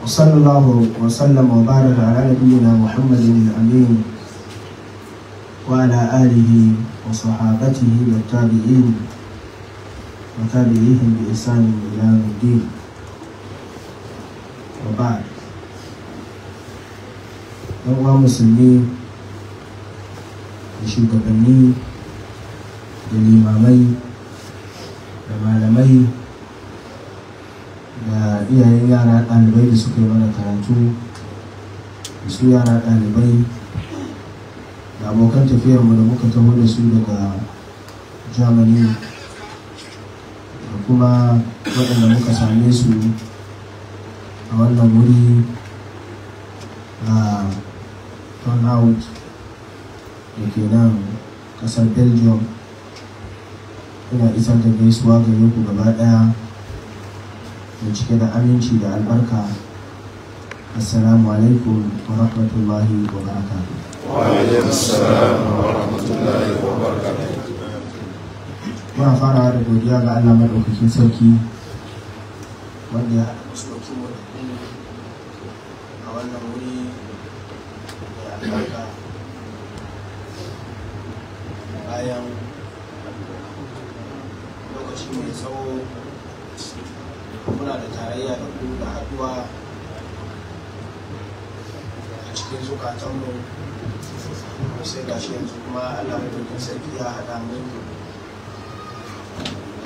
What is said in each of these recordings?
وصلى الله وسلم وبارك على نبينا محمد الأمين وعلى آله وصحابته والتابعين وتابعيهم بإحسان إلى يوم الدين وبعد يوم مسلمين da بني da limamai da iyayen yara ɗalibai da suka yi mana karatu da su yara ɗalibai da abokan tafiyarmu da muka taho da su daga germany da kuma waɗanda muka same su a wannan wuri a turnout da ke nan ƙasar belgium ina isar da gaisuwa gare ku gaba ɗaya mai cike da aminci da albarka assalamu alaikum wa rahmatullahi wa barakatuh wa muna farawa da godiya ga Allah madaukakin sarki wanda ya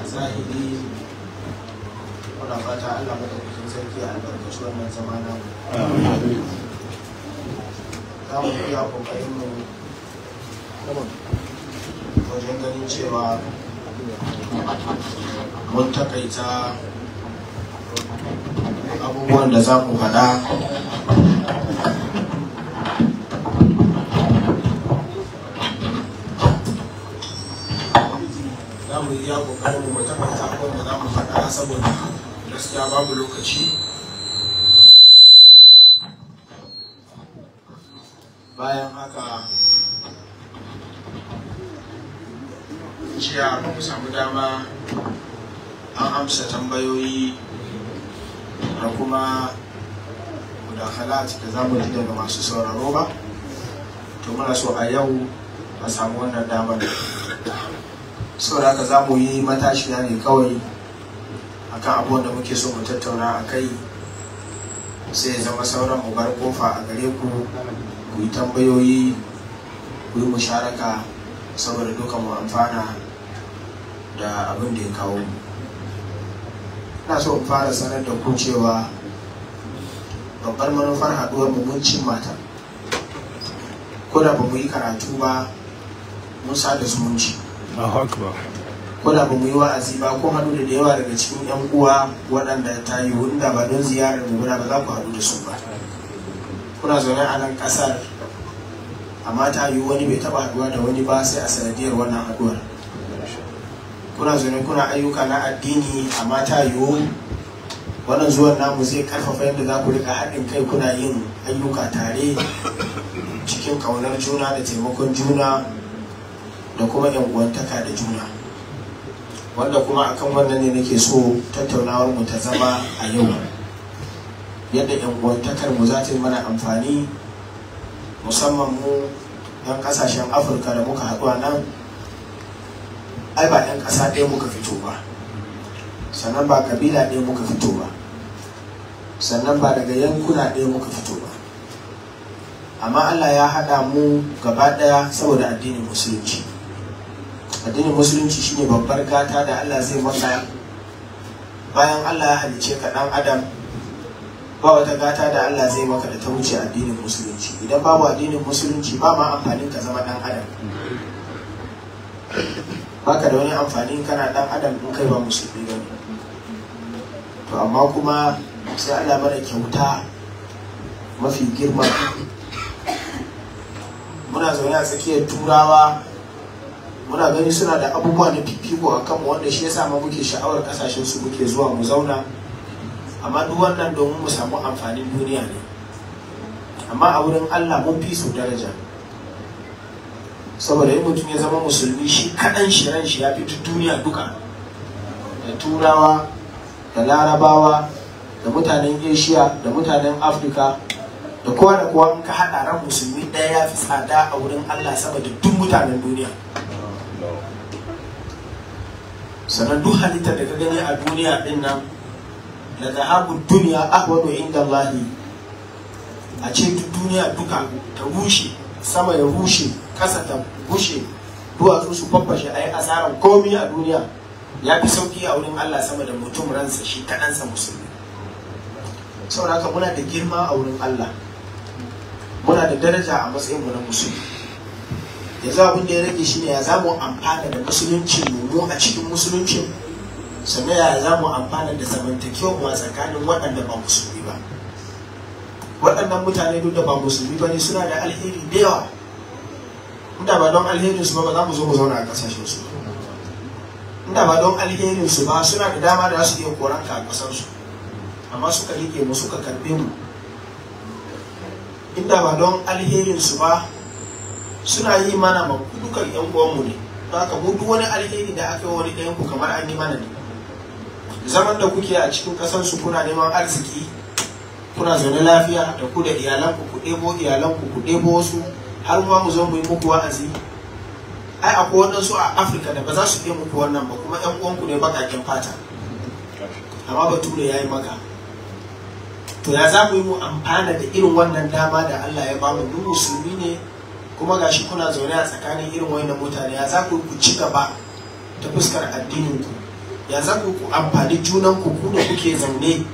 zahiri wadda fata Allah kusur sarki a shi wannan zama na za mu iya kokarin mu wajen ganin cewa mun takaita abubuwan da za mu faɗa iya kokarin mu takaita abin da za mu faɗa saboda gaskiya babu lokaci bayan haka jiya mu samu dama an amsa tambayoyi da kuma mudakalat da za mu ji daga masu sauraro ba to muna so a yau a samu wannan damar saboda haka za mu yi matashiya ne kawai akan abubuwan da muke so mu tattauna a kai sai zama sauran mu bar kofa a gare ku ku yi tambayoyi ku yi musharaka saboda duka mu amfana da abin da ya kawo mu ina so in fara sanar da ku cewa babbar manufar haɗuwar mu mun cin mata ko da ba mu yi karatu ba mun sa da zumunci ko da ba mu yi wa'azi ba ko haɗu da yawa daga cikin yan uwa waɗanda ta yi wanda ba don ziyarar mu ba za ku haɗu da su ba kuna zaune a nan ƙasar amma ta yi wani bai taɓa haɗuwa da wani ba sai a sanadiyar wannan haɗuwar kuna zaune kuna ayyuka na addini amma ta yi wannan zuwan namu zai karfafa yadda za ku rika haɗin kai kuna yin ayyuka tare cikin ƙaunar juna da taimakon juna da kuma yankuwantaka da juna wanda kuma akan wannan ne nake so tattaunawar mu ta zama a yau yadda yankuwantakar mu za ta yi mana amfani musamman mu yan kasashen afirka da muka haɗu a nan ai ba yan ƙasa ɗaya muka fito ba sannan ba kabila ɗaya muka fito ba sannan ba daga yankuna ɗaya muka fito ba amma allah ya haɗa mu gaba ɗaya saboda addinin musulunci addinin musulunci shine babbar gata da Allah zai maka bayan Allah ya halice ka dan adam ba wata gata da Allah zai maka da ta wuce addinin musulunci idan babu addinin musulunci ba ma amfanin ka zama dan adam baka da wani amfani kana dan adam in kai ba musulmi ba to amma kuma sai Allah mana kyauta mafi girma muna zaune a tsakiyar turawa muna gani suna da abubuwa na fifiko a kanmu wanda shi yasa ma muke sha'awar kasashen su muke zuwa mu zauna amma duk wannan domin mu samu amfanin duniya ne amma a wurin Allah mun fi su daraja saboda yin mutum ya zama musulmi shi kaɗan shi ran shi ya fi duniya duka da turawa da larabawa da mutanen asia da mutanen afirka da kowa da kowa in ka haɗa ran musulmi ɗaya ya fi tsada a wurin Allah saboda duk mutanen duniya sannan duk halitta da ka gani a duniya din nan da zahabun duniya ahwanu inda Allahi a ce duk duniya duka ta rushe sama ya rushe kasa ta rushe duwatsu su fafashe a yi asarar komi a duniya ya fi sauki a wurin Allah sama da mutum ransa shi ta ɗansa musulmi saboda haka muna da girma a wurin Allah muna da daraja a matsayinmu na musulmi yanzu abin da ya rage shi ne ya mu amfana da musulunci mu a cikin musulunci sannan ya mu amfana da zamantakewa tsakanin waɗanda ba musulmi ba waɗannan mutane duk da ba musulmi ba ne suna da alheri da yawa inda ba don alherin su ba ba za mu zo mu zauna a ƙasashen su inda ba don alherin su ba suna da dama da su iya koran ka a ƙasar su amma suka rike mu suka karɓe mu inda ba don alherin su ba suna yi mana ma dukan yan uwanmu ne haka mu duk wani alheri da aka yi wani ɗayan ku kamar an yi mana ne zaman da kuke a cikin ƙasar su kuna neman arziki kuna zaune lafiya da ku da iyalanku ku ɗebo iyalanku ku ɗebo wasu har ma mu zo mu yi muku wa'azi ai akwai waɗansu a afirka da ba za su iya muku wannan ba kuma yan uwanku ne baƙaƙen fata amma bature ya yi maka to ya za mu yi mu amfana da irin wannan dama da allah ya bamu mu musulmi ne kuma gashi kuna zaune a tsakanin irin wayannan mutane ya za ku ku ci gaba ta fuskar addinin ku ya za ku ku amfani junan ku ku da kuke zaune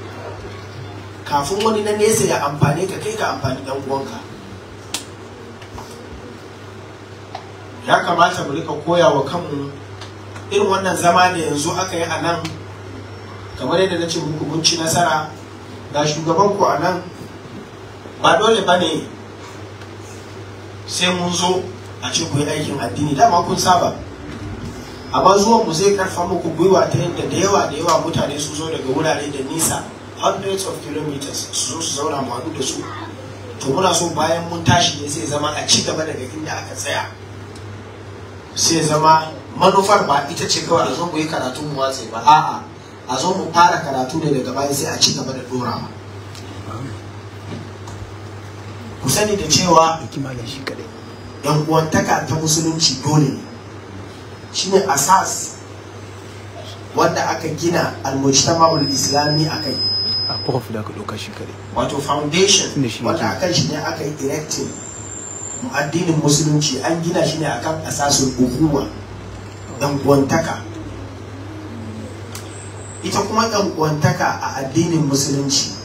kafin wani na nesa ya amfane ka kai ka amfani dan uwanka ya kamata mu rika koya wa kanmu irin wannan zama da yanzu aka yi a nan kamar yadda na ce muku mun ci nasara ga shugabanku a nan ba dole ba ne sai mun zo a ce ku yi aikin addini dama kun saba amma zuwan mu zai karfa muku gwiwa ta yadda da yawa da yawa mutane su zo daga wurare da nisa hundreds of kilometers su zo su zauna mu haɗu da su to muna so bayan mun tashi ne zai zama a ci gaba daga inda aka tsaya sai zama manufar ba ita ce kawai a zo mu yi karatun mu watse ba a'a a zo mu fara karatu ne daga baya sai a ci gaba da dorawa sani da cewa yan uwantaka ta musulunci dole ne shine asas wanda aka gina al-mujtama'ul islami akai a prof da aka doka shi kare wato foundation wanda aka shi ne aka yi erecting addinin musulunci an gina shi ne akan asasin hukuma dan uwantaka ita kuma dan uwantaka a addinin musulunci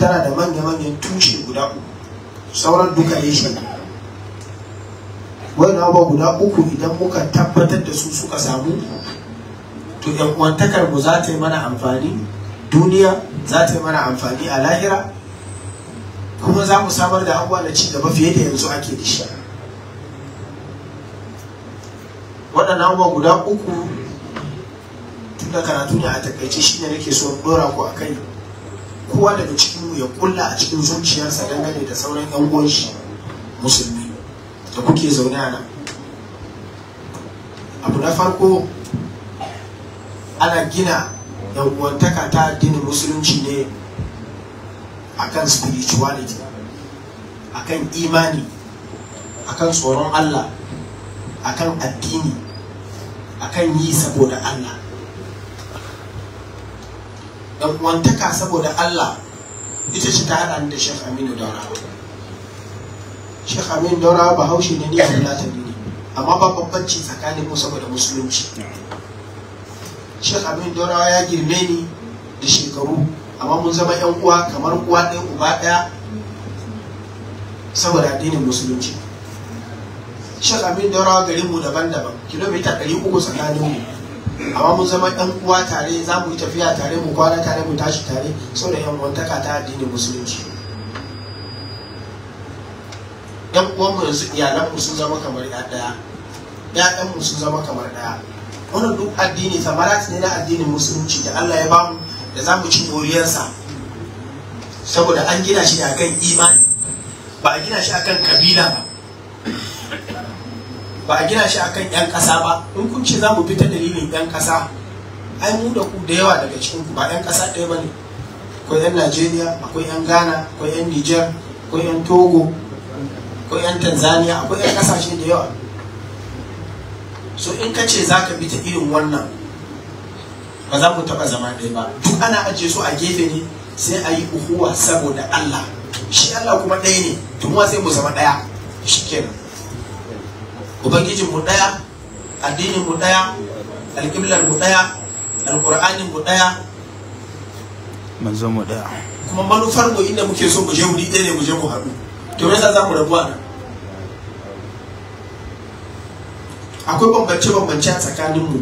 tana da manya-manyan tushe guda uku sauran duka ya shi wani abuwa guda uku idan muka tabbatar da su suka samu to 'yan mu za ta yi mana amfani duniya za ta yi mana amfani a lahira kuma za mu samar da abuwa na cigaba fiye da yanzu ake da shi waɗannan abuwa guda uku tun da karatu ne a takaice shi ne nake so in ɗora ku a kai kowa daga cikin ya kulla a cikin zuciyarsa dangane da sauran yan uwan musulmi da kuke zaune a nan abu na farko ana gina yan uwantaka ta addinin musulunci ne akan spirituality akan imani akan tsoron Allah akan addini akan yi saboda Allah dan uwantaka saboda Allah ita ce ta hada ni da Sheikh Aminu Daura Sheikh Aminu Daura ba haushi ne ni a Fulatani ne amma ba babbanci tsakanin mu saboda musulunci Sheikh Aminu Daura ya girme ni da shekaru amma mun zama yan uwa kamar uwa ɗaya uba ɗaya saboda addinin musulunci Sheikh Aminu Daura mu daban-daban kilomita 300 tsakaninmu amma mun zama ɗan uwa tare za mu yi tafiya tare mu kwana tare mu tashi tare saboda yan wantaka ta addinin musulunci yan uwanmu yanzu mu sun zama kamar ɗaya mu sun zama kamar ɗaya wannan duk addini samarat ne na addinin musulunci da Allah ya bamu da za mu ci moriyarsa saboda an gina shi akan imani ba a gina shi akan kabila ba ba a gina shi a kan 'yan ƙasa ba in kun ce za mu fita dalilin 'yan ƙasa ai mu da ku da yawa daga cikin ku ba 'yan ƙasa ɗaya bane akwai 'yan najeriya akwai 'yan ghana akwai 'yan niger akwai 'yan togo akwai 'yan tanzania akwai 'yan ƙasashe da yawa so in ka ce za ka bi ta irin wannan ba za mu taba zama ɗaya ba duk ana ajiye su a gefe ne sai a yi uhuwa saboda allah shi allah kuma ɗaya ne tun sai mu zama ɗaya shi ubangiji mu daya addinin mu daya alƙiblar mu daya alƙur'anin mu daya manzon mu daya kuma manufar mu inda muke so mu je wuri ɗaya ne mu je mu haɗu to me yasa za mu rabu nan akwai bambance bambance a tsakanin mu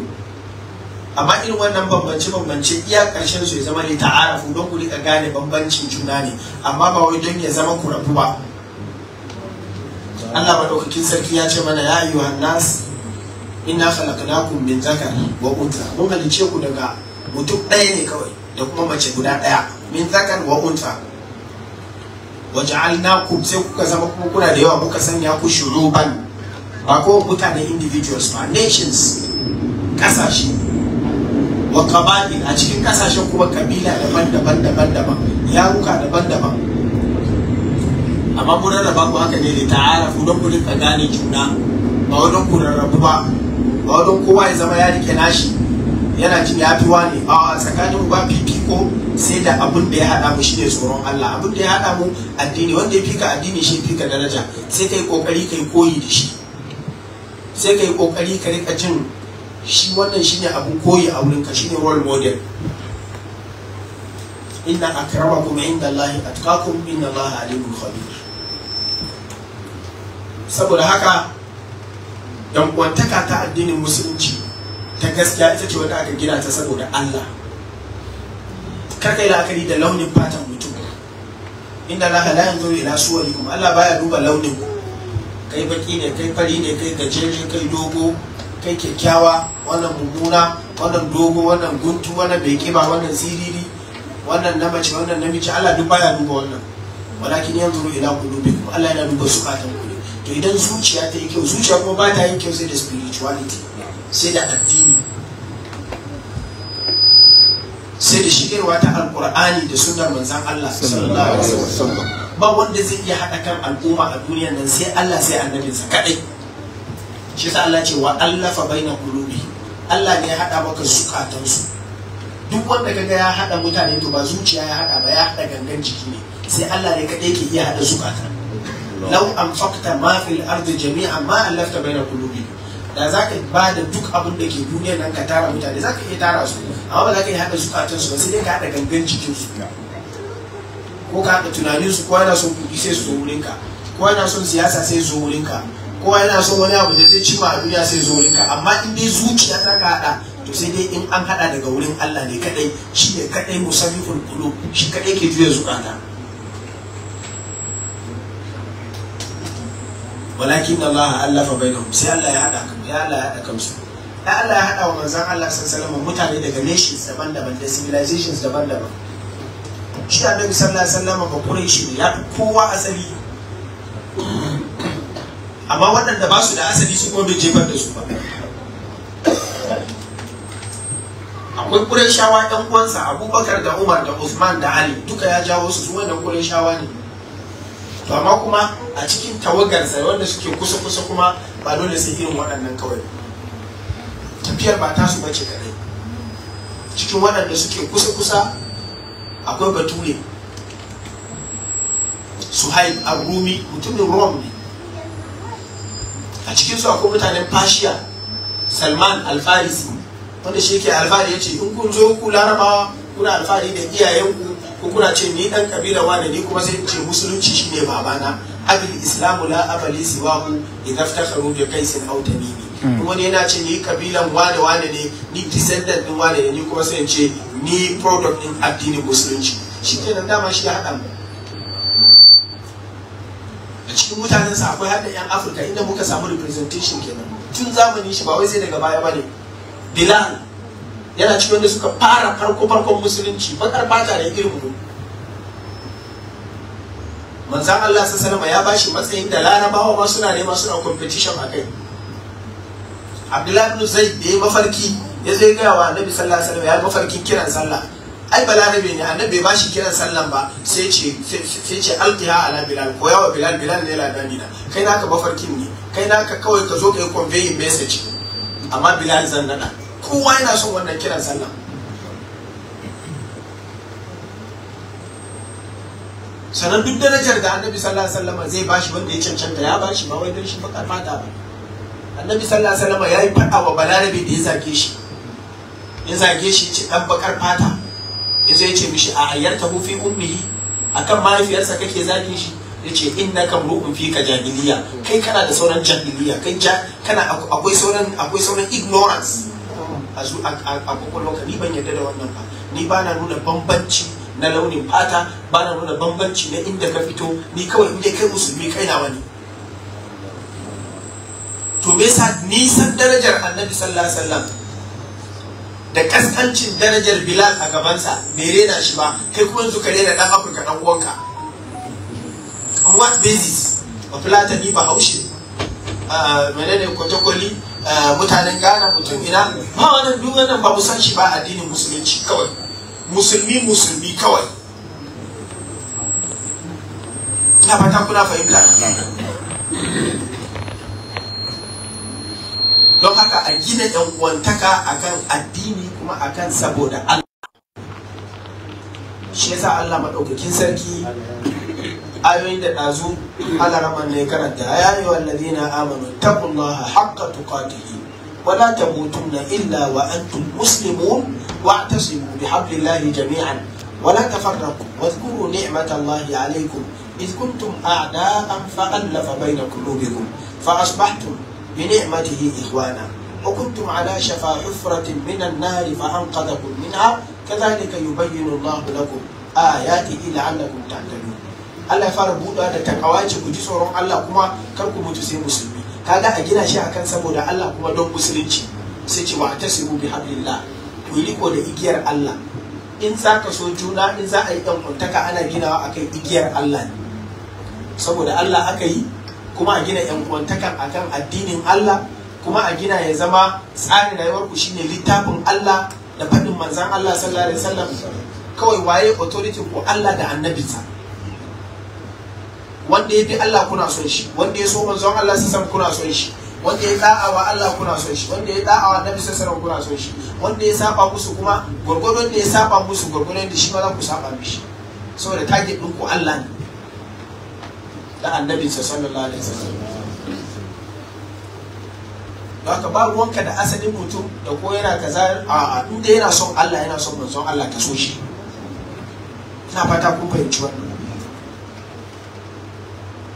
amma irin wannan bambance bambance iya ƙarshen su ya zama ne ta'arafu don ku rika gane bambancin juna ne amma ba wai don ya zama ku rabu ba Allah madaukakin sarki ya ce mana ya wa nas ina khalaqnakum min zakar wa unta mun halice ku daga mutum ɗaya ne kawai da kuma mace guda ɗaya min zakar wa unta wa ja'alnakum sai kuka zama kuma kuna da yawa kuka sanya ku shuruban ba ko da individuals ba nations kasashe wa qaba'il a cikin kasashen kuma kabila daban-daban daban-daban yaruka daban-daban amma mun rarraba ku haka ne da ta'arafu don ku rinka gane juna ba wadon ku rarrabu ba ba wadon kowa ya zama ya rike nashi yana jin ya fi wani a tsakanin ba fifiko sai da abin da ya haɗa mu shine tsoron Allah abin da ya haɗa mu addini wanda ya fika addini shi fika daraja sai kai kokari kai koyi da shi sai kai kokari ka rika jin shi wannan shine abin koyi a wurin ka shine role model inna akramakum inda Allah atqakum inna Allah alimul khabir saboda haka yan uwantaka ta addinin musulunci ta gaskiya ita ce wanda aka gina ta saboda Allah karka yi la'akari da launin fatan mutum inda Allah la yanzu ila kuma Allah baya duba launin ku kai baki ne kai fari ne kai gajeje kai dogo kai kyakkyawa wannan mummuna wannan dogo wannan guntu wannan bai kiba wannan siriri wannan na mace wannan namiji Allah duk baya duba wannan walakin yanzu ila qulubikum Allah yana duba su fatan to idan zuciya ta yi kyau zuciya kuma ba ta yi kyau sai da spirituality sai da addini sai da shigarwa ta alkur'ani da sunar manzan Allah sallallahu alaihi wasallam ba wanda zai iya haɗa kan al'umma a duniyar nan sai Allah sai annabinsa kaɗai shi sa Allah ce wa allafa na qulubi Allah ne ya haɗa maka zukatansu duk wanda kaga ya haɗa mutane to ba zuciya ya haɗa ba ya haɗa gangan jiki ne sai Allah ne kaɗai ke iya haɗa zukatan lau anfaqta ma fil jami'a jami'an ma allafta baina qulubi da zaka ba da duk abin da ke duniyar nan ka tara mutane zaka iya tara su amma ba zaka yi hada zukatan su ba sai dai ka hada gangan cikin su ko ka haɗa tunanin su ko yana son kuɗi sai su zo wurin ka kowa yana son siyasa sai zo wurin ka kowa yana son wani abu da zai ci ma duniya sai zo wurin ka amma in dai zuciya ta ka to sai dai in an haɗa daga wurin Allah ne kadai shi ne kadai musabihul qulub shi kadai ke juya zukata walakin da Allah allafa da sai Allah ya hada kan ya Allah ya hada kansu ya Allah ya hada wa manzan Allah sallallahu alaihi mutane daga nations daban-daban da civilizations daban-daban shi annabi sallallahu alaihi sallama, ba shi ne ya fi kowa asali amma waɗanda ba su da asali su kuma bai jefar da su ba akwai shawa ɗan uwansa Abubakar da Umar da Usman da Ali duka ya jawo su su wannan shawa ne to amma kuma a cikin tawagarsa wanda suke kusa kusa kuma ba dole sai irin waɗannan kawai tafiyar ba ta tasu bace kadai cikin waɗanda suke kusa kusa akwai bature suhaib abrumi mutumin rom ne a cikin su akwai mutanen fashiya salman alfarisi wanda shi ke alfahari ya ce in kun zo ku larabawa kuna alfahari da iyayenku ko kuna ce ni dan kabila wani ni kuma sai ce musulunci shine babana abil islamu la abali siwahu idaftakharu bi kaisin aw tamimi hmm. ne yana ce ni kabilan wani wa ne ni descendant din wa ne ni kuma sai in ce ni product din addinin musulunci da dama shi ya hada mu a cikin mutanen sa akwai hada yan afirka inda muka samu representation kenan tun zamani shi ba wai sai daga baya bane bilal yana cikin wanda suka fara farko farkon musulunci bakar fata da irin mu manzan Allah sallama ya bashi matsayin da larabawa ma suna nema suna competition a kai Abdullahi ibn Zaid da ya mafarki ya zai gaya wa Annabi sallallahu alaihi wasallam ya mafarkin kiran sallah ai balarabe ne annabi bai bashi kiran sallan ba sai ce sai ce alqiha ala bilal ko yawa bilal bilal ne kai na kai naka mafarkin ne kai naka kawai ka zo ka yi conveying message amma bilal zan nada kowa yana son wannan kiran sallah sannan duk darajar da annabi sallallahu alaihi wasallam zai bashi wanda ya cancanta ya bashi ba wai don shi bakar fata ba annabi sallallahu alaihi wasallam yayi fada wa balarabe da ya zage shi ya zage shi ce dan bakar fata Ya zai ce mishi a ayyarta hu fi ummihi akan mahaifiyarsa kake zage shi ya ce inna kam ru'un fi ka jahiliya kai kana da sauran jahiliya kai kana akwai sauran akwai sauran ignorance a zu a ni ban yadda da wannan ba ni ba na nuna bambanci na launin fata ba na nuna bambanci na inda ka fito ni kawai inda kai musulmi kai na wani to me yasa nisan darajar annabi sallallahu alaihi wasallam da kaskancin darajar bilal a gabansa bai rena shi ba kai kuma yanzu ka rena dan afirka dan uwanka on what basis a fulata ni ba haushe menene kwatakwali Eh, mutanen Ghana mutum ina ma wannan duk wannan ba san shi ba addinin musulunci kawai musulmi musulmi kawai ina fata kuna fahimta don haka a gina yan uwantaka akan addini kuma akan saboda Allah shi yasa Allah maɗaukakin sarki أيوين دازو هذا رمان ليكن الدعاء أيها الذين آمنوا اتقوا الله حق تقاته ولا تموتن إلا وأنتم مسلمون واعتصموا بحبل الله جميعا ولا تفرقوا واذكروا نعمة الله عليكم إذ كنتم أعداء فألف بين قلوبكم فأصبحتم بنعمته إخوانا وكنتم على شفا حفرة من النار فأنقذكم منها كذلك يبين الله لكم آياته لعلكم تعلمون Allah ya fara buɗa da takawa ce ku ji tsoron Allah kuma kar ku mutu sai musulmi kaga a gina shi akan saboda Allah kuma don musulunci sai ce wa tasiru bi hablillah ku yi riko da igiyar Allah in za ka so juna in za a yi ɗan kuntaka ana ginawa akan igiyar Allah ne saboda Allah aka yi kuma a gina yan uwantakan akan addinin Allah kuma a gina ya zama tsarin rayuwar ku shine littafin Allah da faɗin manzan Allah sallallahu alaihi wasallam kawai waye authority ko Allah da annabinsa wanda ya bi Allah kuna son shi wanda ya so manzon Allah sai san kuna son shi wanda ya da'a wa Allah kuna son shi wanda ya da'a wa sai san kuna son shi wanda ya saba musu kuma gurgurun da ya saba musu gurgurun da shi ma za ku saba mishi saboda target din ku Allah ne da Annabi sallallahu alaihi wasallam ka ba ruwanka da asalin mutum da ko yana kaza a inda yana son Allah yana son manzon Allah ka so shi ina fata kun fahimci wannan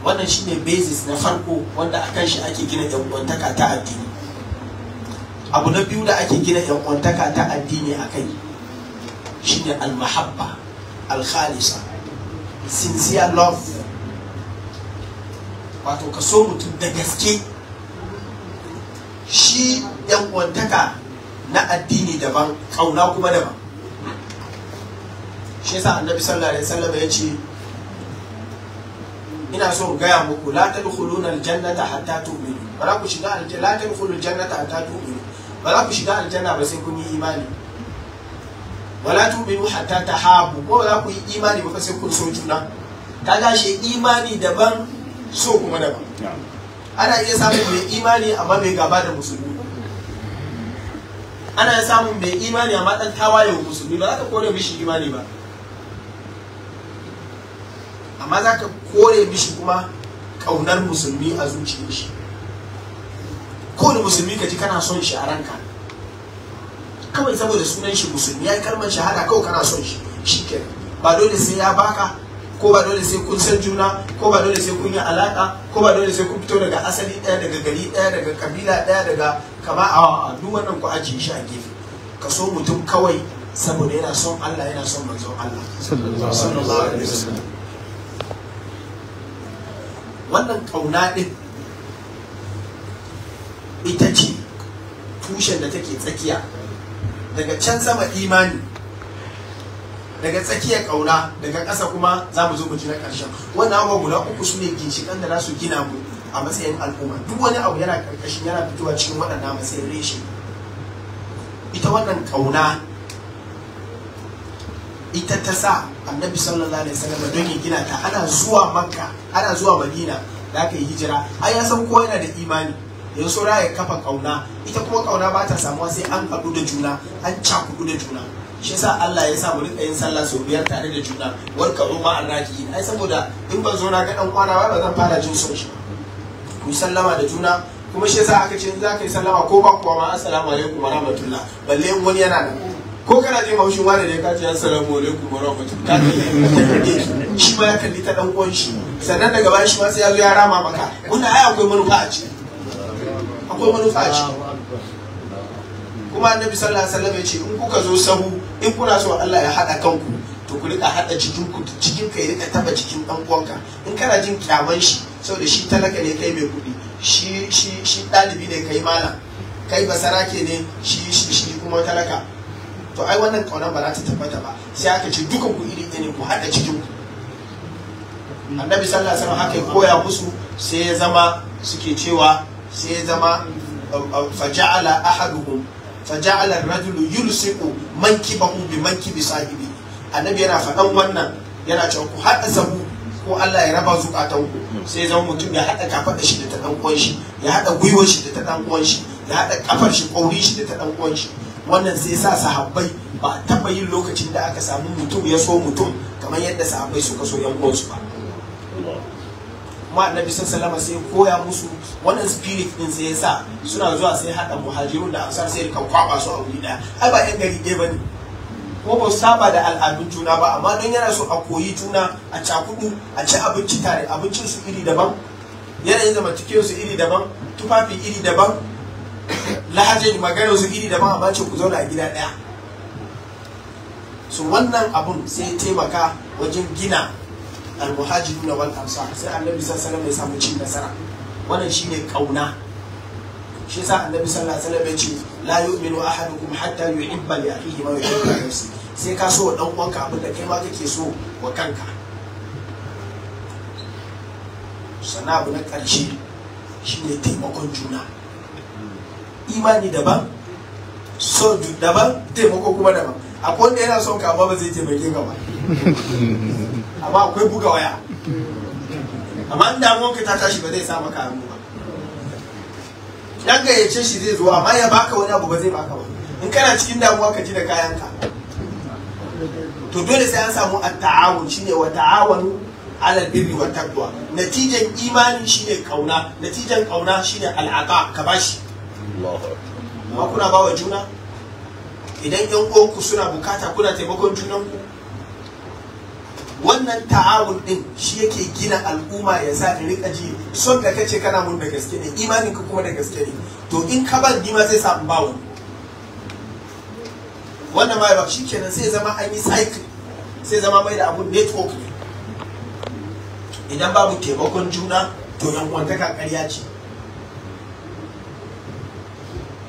wannan shine basis na farko wanda a kan shi ake gina yankwantaka ta addini abu na biyu da ake gina yankwantaka ta addini a kai shine almahabba alkhalisa sincere love wato ka so mutum da gaske shi yankwantaka na addini daban kauna kuma daban shi yasa annabi sallallahu alaihi wasallam ya ce ina so in gaya muku la tadkhuluna aljannata hatta tu'minu ba za ku shiga aljanna la tadkhulul jannata hatta tu'minu ba za ku shiga aljanna ba sai kun yi imani wala tu'minu hatta tahabu ko ba za ku yi imani ba sai kun so juna kaga shi imani daban so kuma daban ana iya samun mai imani amma bai gaba da musulmi ana samun mai imani amma dan tawaye musulmi ba za ka kore mishi imani ba amma za ka kore mishi kuma ƙaunar musulmi a zuciyar shi kowane musulmi ka ji kana son shi a ranka kawai saboda sunan shi musulmi ya yi kalmar shahada kawai kana son shi shi ke ba dole sai ya baka ko ba dole sai kun san juna ko ba dole sai kun yi alaka ko ba dole sai kun fito daga asali daya daga gari daya daga kabila daya daga kama a duk wannan ku ajiye shi a gefe ka so mutum kawai saboda yana son Allah yana son manzon Allah sallallahu alaihi wasallam wannan kauna ɗin ita ce tushen da take tsakiya daga can sama imani daga tsakiyar kauna daga ƙasa kuma za mu zo mu ji na ƙarshen wannan abubuwa guda uku su ne ginshiƙan da za su gina mu a matsayin al'umma duk wani abu yana ƙarƙashin yana fitowa cikin waɗannan matsayin reshe ita wannan kauna ita ta sa annabi sallallahu alaihi wasallam don ya gina ta ana zuwa makka ana zuwa madina da aka yi hijira ai ya san ko yana da imani yanzu saura ya kafa kauna ita kuma kauna ba ta samuwa sai an abu da juna an cakudu da juna shi yasa Allah ya sa mu rika yin sallah sau biyar tare da juna warka umma annaki ai saboda in ban zo na ga dan kwana ba zan fara jin son shi ku sallama da juna kuma shi yasa aka ce za ka yi sallama ko ba kuwa ma assalamu alaikum wa rahmatullah balle wani yana da ko kana jin haushin wani ne ka ce assalamu alaikum wa rahmatullahi shi ma ya kalli ta dan uwan shi sannan daga bayan shi ma sai ya zo ya rama maka wannan ai akwai manufa a ciki akwai manufa a ciki kuma annabi sallallahu alaihi wasallam ya ce in kuka zo sahu in kuna so Allah ya hada kanku to ku rika hada cikin ku cikin kai rika taba cikin dan uwanka in kana jin kyaman shi saboda shi talaka ne kai mai kudi shi shi shi dalibi ne kai malam kai ke ne shi shi shi kuma talaka to ai wannan kaunar ba za ta tabbata ba sai aka ce dukan ku iri ɗaya ne ku haɗa cikin ku annabi sallallahu alaihi wasallam haka koya musu sai ya zama suke cewa sai ya zama uh, uh, faja'ala ahaduhum faja'ala ar-rajulu yulsiqu mankibahu bi mankibi sahibi annabi yana faɗan wannan yana cewa ku haɗa zabu ko Allah ya raba zukatan ku sai zama mutum ya haɗa kafaɗa shi da ta ɗan shi ya haɗa gwiwar shi da ta ɗan shi ya haɗa kafar shi ƙauri shi da ta ɗan shi wannan sai sa sahabbai ba taba yin lokacin da aka samu mutum ya so mutum kamar yadda sahabbai suka so yan uwansu ba kuma annabi sallallahu sai koya musu wannan spirit din sai sa suna zuwa sai hada muhajirun da ansar sai ka kwaba su a wuri daya ai ba yan gari ɗaya bane ko ba saba da al'adun juna ba amma don yana so a koyi juna a cakudu a ci abinci tare abincin su iri daban yanayin zamantakewar su iri daban tufafi iri daban lahajar magana su iri ma amma ce ku zauna a gida ɗaya su wannan abun sai taimaka wajen gina almuhajiru na wal amsa sai annabi sallallahu alaihi wasallam ya samu cin nasara wannan shine kauna shi yasa annabi sallallahu alaihi wasallam ya ce la yu'minu ahadukum hatta yuhibba li akhihi ma yuhibbu li nafsihi sai ka so dan uwanka abin da kai ma kake so wa kanka sannan abu na ƙarshe shine taimakon juna imani daban so daban taimako kuma daban akwai wanda yana son ka ba zai taimake ka ba amma akwai buga waya amma in ka ta tashi ba zai sa maka ba dan gayyace shi zai zo amma ya baka wani abu ba zai baka ba in kana cikin damuwa ka ji da kayan ka to dole sai an samu at-ta'awun shine wa ta'awanu alal birri wa taqwa natijan imani shine kauna natijan kauna shine al'aqa ka bashi amma kuna ba wa juna idan yan uwanku suna bukata kuna taimakon junanku wannan ta'awun ɗin shi yake gina al'umma ya sa ni rika ji son da kace kana mun da gaske ne imanin ka kuma da gaske ne to in ka ban ni ma zai sa in ba wani wannan ma ba shikenan sai zama an yi cycle sai zama mai da abun network ne idan babu taimakon juna to yan uwantaka ƙarya ce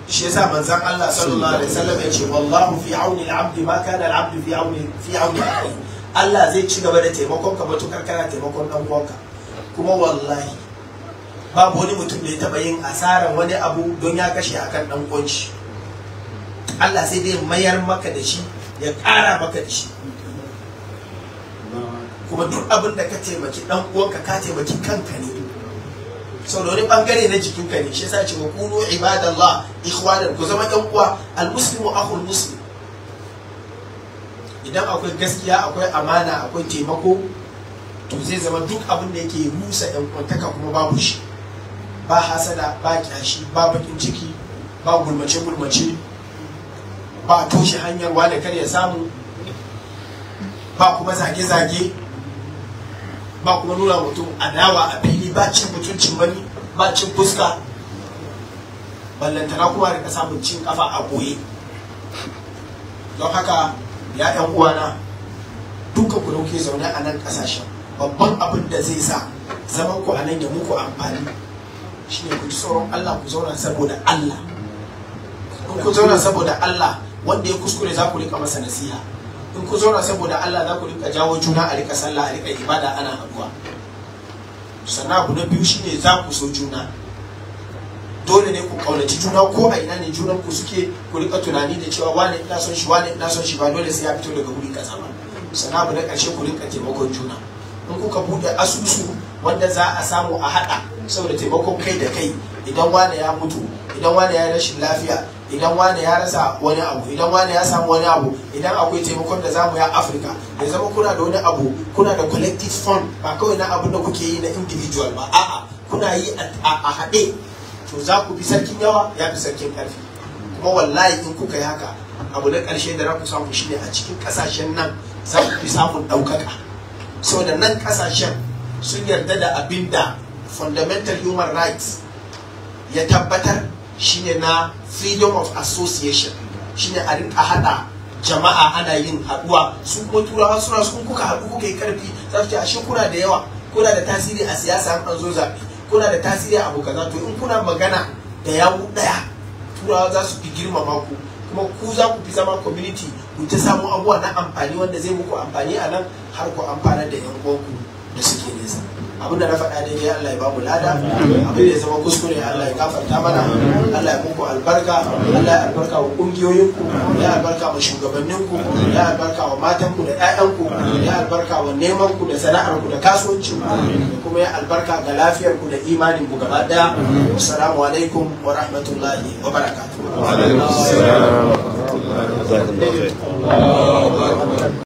shi yasa manzon Allah sallallahu alaihi wasallam ya ce wallahu fi auni al-abd ma kana al-abd fi auni fi auni Allah zai ci gaba da taimakon ka matukar kana taimakon dan uwanka kuma wallahi babu wani mutum da ya taba yin asarar wani abu don ya kashe akan dan uwanci Allah sai dai mayar maka da shi ya kara maka da shi kuma duk abin da ka taimaki dan uwanka ka taimaki kanka ne sau da wani bangare na jikinka ne shi yasa ce wa kunu ibadallah ikhwanan ku zama yan uwa almuslimu akhul muslim idan akwai gaskiya akwai amana akwai taimako to zai zama duk abin da yake rusa yan kwantaka kuma babu shi ba hasada ba kyashi ba bakin ciki ba gulmace gulmace ba toshe hanyar wanda kar ya samu ba kuma zage zage ba kuma nuna mutum adawa a fili ba cin mutuncin wani ba cin fuska ballantana kuma rika samun cin kafa a ɓoye don haka ya ɗan uwana duka ku dauke zaune a nan ƙasashen babban abin da zai sa zaman ku a nan ya muku amfani shine ku ji tsoron Allah ku zauna saboda Allah in ku zauna saboda Allah wanda ya kuskure za ku rika masa nasiha in ku zauna saboda Allah za ku rika jawo juna a rika sallah a rika ibada ana haduwa sannan abu na biyu shine za ku so juna dole ne ku kaunaci juna ko a ina ne junan ku suke ku rika tunani da cewa wane ina son shi wane ina son shi ba dole sai ya fito daga wuri kaza ba sannan abu na karshe ku rika taimakon juna in kuka bude asusu wanda za a samu a hada saboda taimakon kai da kai idan wane ya mutu idan wane ya rashin lafiya idan wani ya rasa wani abu idan wani ya samu wani abu idan akwai taimakon da zamu ya afirka ya zama kuna da wani abu kuna da collective fund ba kawai na abin da kuke yi na individual ba a'a kuna yi a haɗe to za ku bi sarkin yawa ya fi sarkin ƙarfi kuma wallahi in kuka yi haka abu na ƙarshe da za ku samu shine a cikin ƙasashen nan za ku bi samun ɗaukaka saboda nan ƙasashen sun yarda da abin da fundamental human rights ya tabbatar shine na freedom of association shine a rinka hada jama'a ana yin haduwa su kuma turawa suna su kuka haɗu kuka yi karfi za su ce ashe kuna da yawa kuna da tasiri a siyasa an ɗan zo zaɓe kuna da tasiri a abokaza to in kuna magana da yawu ɗaya turawa za su fi girmama ku kuma ku za ku fi zama community ku ta samu abubuwa na amfani wanda zai muku amfani a nan har ku amfana da yan uwanku da suke nesa abin da na faɗa daidai Allah ya bamu lada abin da ya zama kuskure Allah ya kafarta mana Allah ya muku albarka Allah ya albarka wa kungiyoyinku ya albarka wa shugabanninku ya albarka wa matanku da ƴaƴanku ya albarka wa nemanku da sana'arku da kasuwancinku da kuma ya albarka ga lafiyarku da imaninku gaba ɗaya assalamu alaikum wa rahmatullahi wa barakatuh alaikum